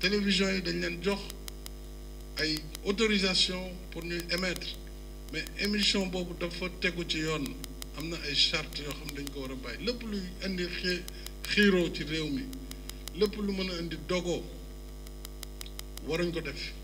télévision yi dañ leen jox ay autorisation pour ñu émettre mais émission boobu dafa tegu ci yoon am na ay charte yoo xam dañ ko war a bàyyi lépp luy indi xii xiiroo ci réew mi lépp lu mën a indi dogoo waruñ ko def